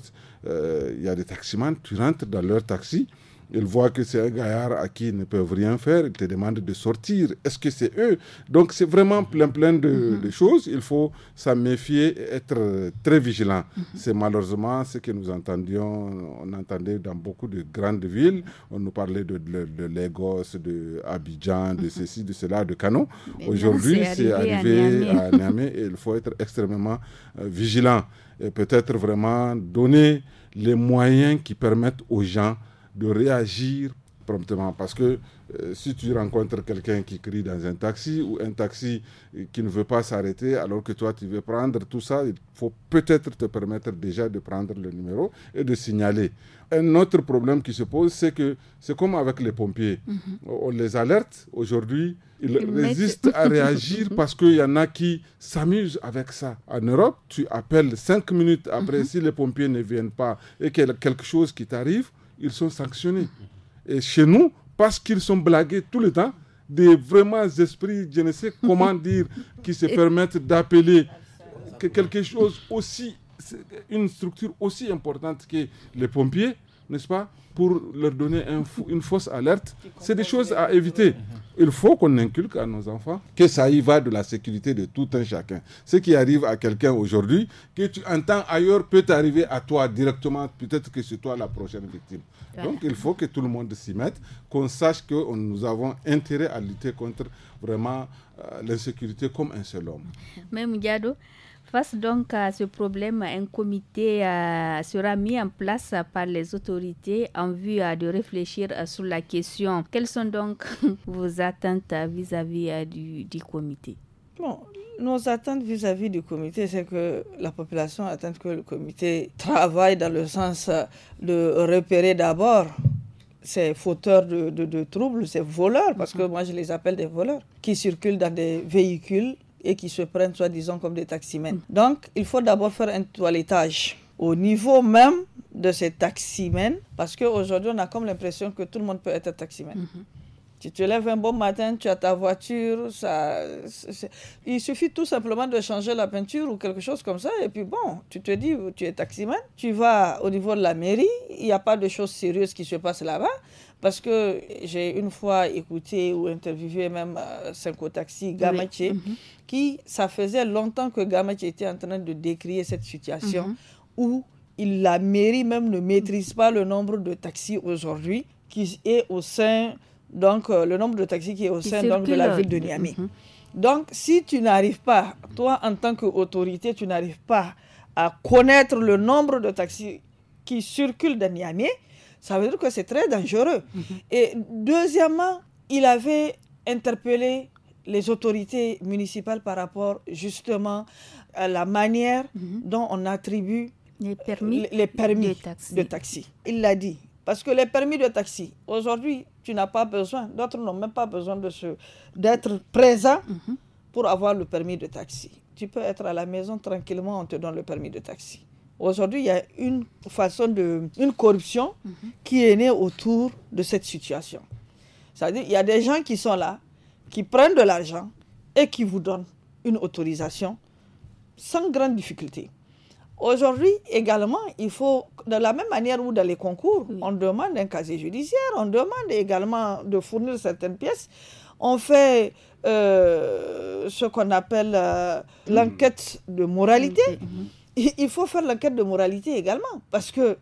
euh, Il y a des taximans, tu rentres dans leur taxi, ils voient que c'est un gaillard à qui ils ne peuvent rien faire. Ils te demandent de sortir. Est-ce que c'est eux Donc c'est vraiment plein plein de, mm-hmm. choses. Il faut s'en méfier et être très vigilant. Mm-hmm. C'est malheureusement ce que nous entendions. On entendait dans beaucoup de grandes villes. On nous parlait de, Lagos, de Abidjan, de mm-hmm. ceci, de cela, de Cano. Aujourd'hui, c'est arrivé, à Niamey et il faut être extrêmement euh, vigilant et peut-être vraiment donner les moyens qui permettent aux gens de réagir promptement. Parce que euh, si tu rencontres quelqu'un qui crie dans un taxi ou un taxi qui ne veut pas s'arrêter alors que toi tu veux prendre tout ça, il faut peut-être te permettre déjà de prendre le numéro et de signaler. Un autre problème qui se pose, c'est que c'est comme avec les pompiers. Mhm. On les alerte aujourd'hui, ils, résistent à réagir parce qu'il y en a qui s'amusent avec ça. En Europe, tu appelles cinq minutes après, mhm. si les pompiers ne viennent pas et qu'il y a quelque chose qui t'arrive, ils sont sanctionnés. Et chez nous, parce qu'ils sont blagués tout le temps, des vraiment esprits, je ne sais comment dire, qui se permettent d'appeler quelque chose aussi, une structure aussi importante que les pompiers, n'est-ce pas, pour leur donner un, une fausse alerte. C'est des choses à éviter. Mhm. Il faut qu'on inculque à nos enfants que ça y va de la sécurité de tout un chacun. Ce qui arrive à quelqu'un aujourd'hui, que tu entends ailleurs, peut arriver à toi directement. Peut-être que c'est toi la prochaine victime. Donc il faut que tout le monde s'y mette, qu'on sache que nous avons intérêt à lutter contre vraiment euh, l'insécurité comme un seul homme. Même Diado, Face donc à ce problème, un comité euh, sera mis en place par les autorités en vue euh, de réfléchir euh, sur la question. Quelles sont donc vos attentes vis-à-vis du, comité nos attentes vis-à-vis du comité, c'est que la population attend que le comité travaille dans le sens de repérer d'abord ces fauteurs de, troubles, ces voleurs, parce que mm-hmm. moi je les appelle des voleurs, qui circulent dans des véhicules et qui se prennent soi-disant comme des taximènes. Donc, il faut d'abord faire un toilettage au niveau même de ces taximènes, parce qu'aujourd'hui, on a comme l'impression que tout le monde peut être taximène. Mhm. Tu te lèves un bon matin, tu as ta voiture, ça, il suffit tout simplement de changer la peinture ou quelque chose comme ça, et puis bon, tu te dis, tu es taximène, tu vas au niveau de la mairie, il n'y a pas de choses sérieuses qui se passent là-bas, parce que j'ai une fois écouté ou interviewé même 5 taxis Taxi Gamache, mhm. qui, ça faisait longtemps que Gamache était en train de décrire cette situation mhm. où il, la mairie même ne maîtrise pas le nombre de taxis aujourd'hui qui est au sein, donc euh, le nombre de taxis qui est au sein donc, de la ville de Niamey. Mhm. Donc si tu n'arrives pas, toi en tant qu'autorité, tu n'arrives pas à connaître le nombre de taxis qui circulent dans Niamey, ça veut dire que c'est très dangereux. Et deuxièmement, il avait interpellé les autorités municipales par rapport justement à la manière mhm. dont on attribue les permis, euh, de, taxi. Il l'a dit. Parce que les permis de taxi, aujourd'hui, tu n'as pas besoin, d'autres n'ont même pas besoin d'être présents mhm. pour avoir le permis de taxi. Tu peux être à la maison tranquillement, on te donne le permis de taxi. Aujourd'hui, il y a une façon de, une corruption mhm. qui est née autour de cette situation. C'est-à-dire, il y a des gens qui sont là, qui prennent de l'argent et qui vous donnent une autorisation sans grande difficulté. Aujourd'hui également, il faut, de la même manière où dans les concours, on demande un casier judiciaire, on demande également de fournir certaines pièces, on fait euh, ce qu'on appelle euh, mm. l'enquête de moralité. Mm, mm, il faut faire l'enquête de moralité également. Parce que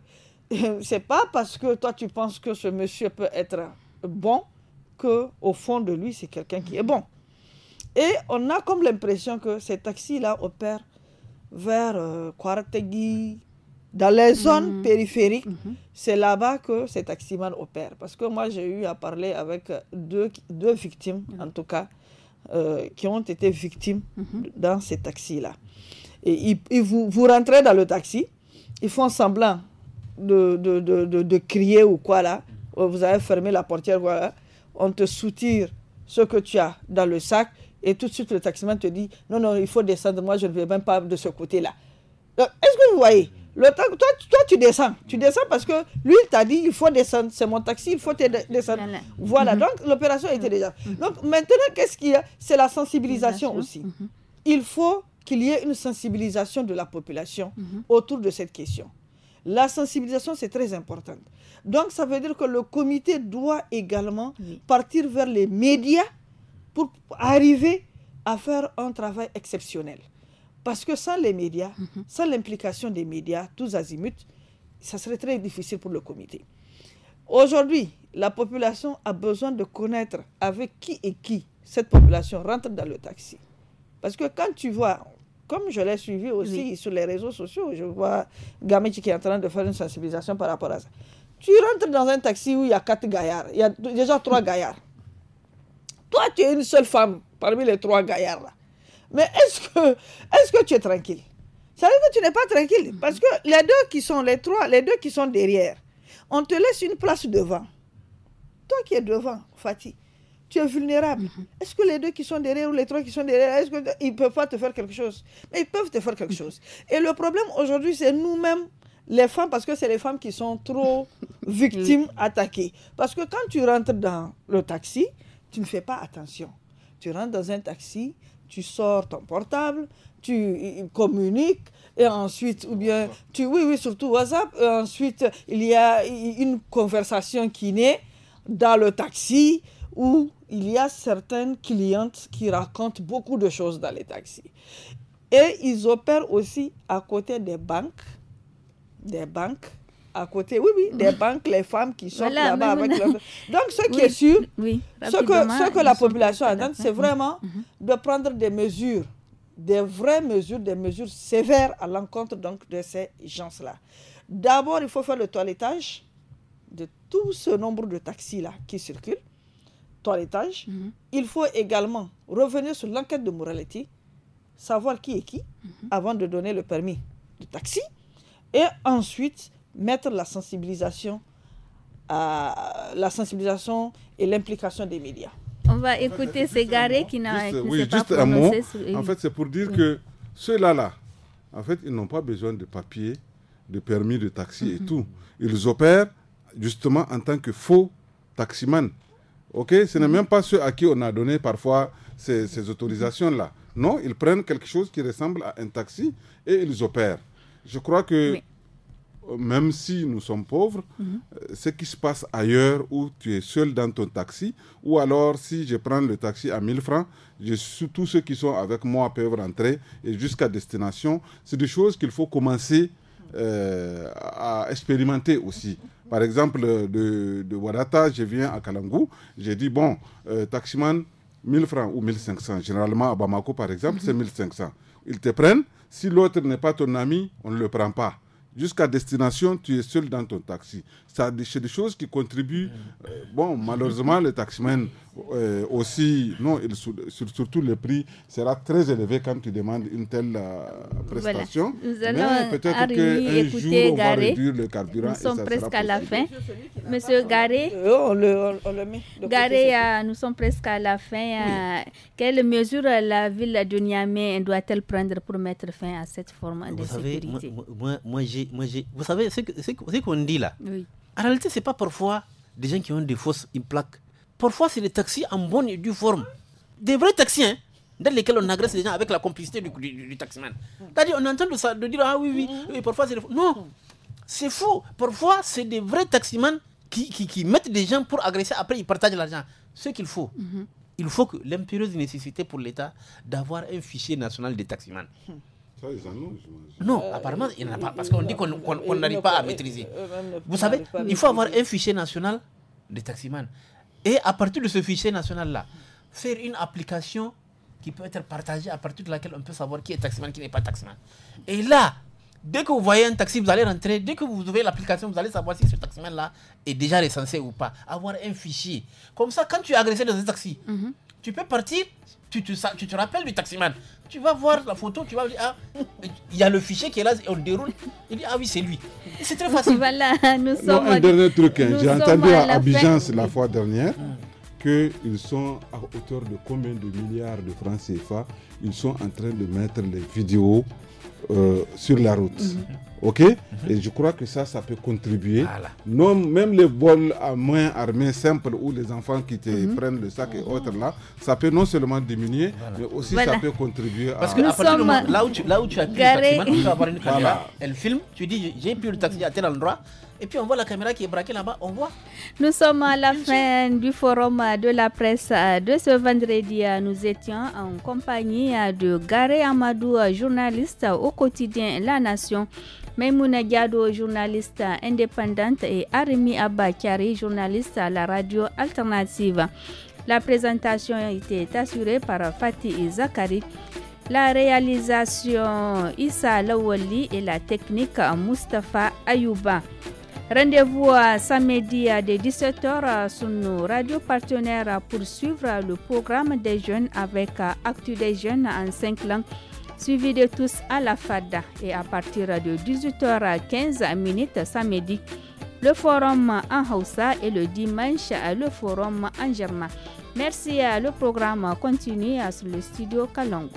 c'est pas parce que toi tu penses que ce monsieur peut être bon que au fond de lui c'est quelqu'un qui est bon. Et on a comme l'impression que ces taxis-là opèrent vers euh, dans les mhm. zones périphériques, mhm. c'est là-bas que ces taximans opèrent. Parce que moi, j'ai eu à parler avec deux, victimes, mhm. en tout cas, euh, qui ont été victimes dans ces taxis-là. Et, vous, vous, rentrez dans le taxi, ils font semblant de, de, crier ou quoi là. Euh, vous avez fermé la portière, voilà. On te soutire ce que tu as dans le sac. Et tout de suite, le taximan te dit Non, non, il faut descendre. Moi, je ne vais même pas de ce côté-là. Euh, est-ce que vous voyez le toi, toi, tu descends. Tu descends parce que lui, il t'a dit il faut descendre. C'est mon taxi, il faut descendre. Voilà, mm-hmm. donc l'opération était mm-hmm. déjà. Mm-hmm. Donc maintenant, qu'est-ce qu'il y a C'est la sensibilisation, aussi. Il faut qu'il y ait une sensibilisation de la population mhm. autour de cette question. La sensibilisation, c'est très importante. Donc, ça veut dire que le comité doit également partir vers les médias pour arriver à faire un travail exceptionnel. Parce que sans les médias, mhm. sans l'implication des médias, tous azimuts, ça serait très difficile pour le comité. Aujourd'hui, la population a besoin de connaître avec qui et qui cette population rentre dans le taxi. Parce que quand tu vois, comme je l'ai suivi aussi sur les réseaux sociaux, je vois Gamichi qui est en train de faire une sensibilisation par rapport à ça. Tu rentres dans un taxi où il y a quatre gaillards, il y a déjà trois gaillards. Toi, tu es une seule femme parmi les trois gaillards. Là. Mais est-ce que, est que tu es tranquille Ça veut dire que tu n'es pas tranquille parce que les deux qui sont, les trois, les deux qui sont derrière, on te laisse une place devant. Toi qui es devant, Fatih, tu es vulnérable. Mm-hmm. Est-ce que les deux qui sont derrière ou les trois qui sont derrière, est-ce qu'ils ne peuvent pas te faire quelque chose Mais ils peuvent te faire quelque chose. Mm-hmm. Et le problème aujourd'hui, c'est nous-mêmes, les femmes, parce que c'est les femmes qui sont trop victimes, attaquées. Parce que quand tu rentres dans le taxi, tu ne fais pas attention. Tu rentres dans un taxi, tu sors ton portable, tu communiques, et ensuite, ou bien, tu, oui, oui, surtout WhatsApp, et ensuite, il y a une conversation qui naît dans le taxi, où il y a certaines clientes qui racontent beaucoup de choses dans les taxis. Et ils opèrent aussi à côté des banques, des banques à côté, oui, oui, des banques, les femmes qui sont là-bas avec Donc, ce qui est sûr, oui, ce, que, la population attend, c'est mhm. vraiment mhm. de prendre des mesures, des vraies mesures, des mesures sévères à l'encontre donc de ces gens-là. D'abord, il faut faire le toilettage de tout ce nombre de taxis-là qui circulent toilettage. Mhm. Il faut également revenir sur l'enquête de moralité, savoir qui est qui, mhm. avant de donner le permis de taxi. Et ensuite, mettre la sensibilisation, à, euh, la sensibilisation et l'implication des médias. On va écouter ces garés qui n'a pas En fait, c'est pour dire que ceux-là, en fait, ils n'ont pas besoin de papier, de permis de taxi et mhm. tout. Ils opèrent justement en tant que faux taximan ce n'est même pas ceux à qui on a donné parfois ces, autorisations-là. Non, ils prennent quelque chose qui ressemble à un taxi et ils opèrent. Je crois que euh, même si nous sommes pauvres, mhm. euh, ce qui se passe ailleurs où tu es seul dans ton taxi, ou alors si je prends le taxi à 1000 francs, je, tous ceux qui sont avec moi peuvent rentrer et jusqu'à destination, c'est des choses qu'il faut commencer euh, à expérimenter aussi. Par exemple, de, de Wadata, je viens à Kalangou, j'ai dit, bon, euh, taximan, 1000 francs ou 1500. Généralement, à Bamako, par exemple, c'est 1500. Mhm. Ils te prennent. Si l'autre n'est pas ton ami, on ne le prend pas. Jusqu'à destination, tu es seul dans ton taxi. C'est des choses qui contribuent. Euh, bon, malheureusement, les taximens euh, aussi, non, surtout le prix sera très élevé quand tu demandes une telle euh, prestation. Nous allons peut-être qu'un jour, on va réduire le carburant. Nous sommes presque à la fin. Monsieur Garé, on le, met Garé nous sommes presque à la fin. Quelles mesures la ville de Niamey doit-elle prendre pour mettre fin à cette forme de sécurité moi vous savez, ce, qu'on dit là, en réalité, c'est pas parfois des gens qui ont des fausses plaques. Parfois, c'est des taxis en bonne et due forme. Des vrais taxis, hein, dans lesquels on agresse les gens avec la complicité du, taximan. C'est-à-dire, on entend en train de dire, ah oui, oui, mm. oui parfois c'est des Non, c'est faux. Parfois, c'est des vrais taximans qui, mettent des gens pour agresser, après ils partagent l'argent. Ce qu'il faut, mm-hmm. il faut que l'impérieuse nécessité pour l'État d'avoir un fichier national des taximans. Hmm. Non, apparemment, il n'y en a pas, parce qu'on dit qu'on n'arrive pas à maîtriser. Vous savez, il faut avoir un fichier national des taximans. Et à partir de ce fichier national-là, faire une application qui peut être partagée à partir de laquelle on peut savoir qui est taximan, qui n'est pas taximan. Et là, dès que vous voyez un taxi, vous allez rentrer, dès que vous ouvrez l'application, vous allez savoir si ce taximan-là est déjà recensé ou pas. Avoir un fichier. Comme ça, quand tu es agressé dans un taxi, mhm tu peux partir, tu te, tu te rappelles du taximan. Tu vas voir la photo, tu vas dire, ah, il y a le fichier qui est là, on déroule. Il dit, ah oui, c'est lui. C'est très facile. voilà, nous sommes. un dernier truc, hein. j'ai entendu à, Abidjan la fois dernière. Qu'ils sont à hauteur de combien de milliards de francs CFA Ils sont en train de mettre les vidéos euh, sur la route. Mhm. OK mhm. Et je crois que ça, ça peut contribuer. Non, même les vols à main armée simples où les enfants qui te mhm. prennent le sac et autres là, ça peut non seulement diminuer, mais aussi ça peut contribuer Parce que à partir là, où tu, là où tu as pris le taxi, tu vas avoir une caméra, elle filme, tu dis j'ai pris le taxi à tel endroit et puis on voit la caméra qui est braquée là-bas, on voit. Nous sommes à la fin du forum de la presse de ce vendredi. Nous étions en compagnie de Garé Amadou, journaliste au quotidien La Nation. Maimouna Diado, journaliste indépendante, et Arimi Abakari, journaliste à la radio alternative. La présentation a été assurée par Fatih Zakari. La réalisation Issa Lawali et la technique Mustafa Ayouba. Rendez-vous samedi à 17h sur nos radios partenaires pour suivre le programme des jeunes avec Actu des jeunes en 5 langues suivi de tous à la FADA et à partir de 18h15 samedi, le forum en Hausa et le dimanche le forum en Germain. Merci, le programme continue sur le studio Kalongo.